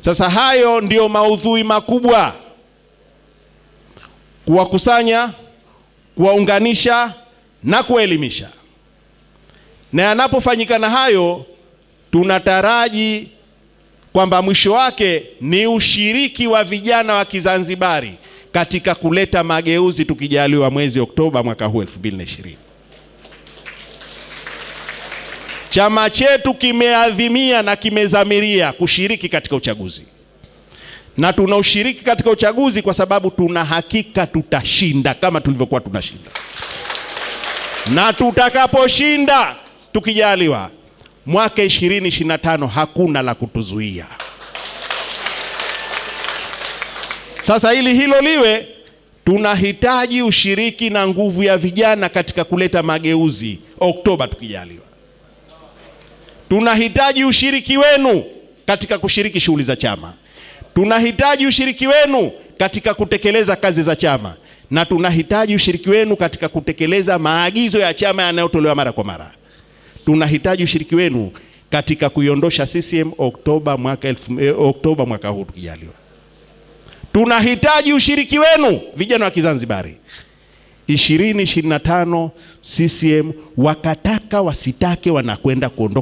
Sasa hayo ndiyo maudhui makubwa, kuwakusanya, kuwaunganisha na kuwaelimisha. Na yanapofanyika na hayo, tunataraji kwamba mwisho wake ni ushiriki wa vijana wa Kizanzibari katika kuleta mageuzi tukijaliwa mwezi Oktoba mwaka huu 2020. Chama chetu kimeadhimia na kimezamiria kushiriki katika uchaguzi, na tunaushiriki katika uchaguzi kwa sababu tuna hakika tutashinda kama tulivyokuwa tunashinda, na tutakaposhinda tukijaliwa, mwaka 2025 hakuna la kutuzuia. Sasa ili hilo liwe, tunahitaji ushiriki na nguvu ya vijana katika kuleta mageuzi Oktoba tukijaliwa. Tunahitaji ushiriki wenu katika kushiriki shughuli za chama, tunahitaji ushiriki wenu katika kutekeleza kazi za chama, na tunahitaji ushiriki wenu katika kutekeleza maagizo ya chama yanayotolewa mara kwa mara. Tunahitaji ushiriki wenu katika kuiondosha CCM Oktoba mwaka elfu, eh, Oktoba mwaka huu tukijaliwa. Tunahitaji ushiriki wenu vijana wa Kizanzibari 2025 CCM wakataka wasitake wanakwenda kuondoka.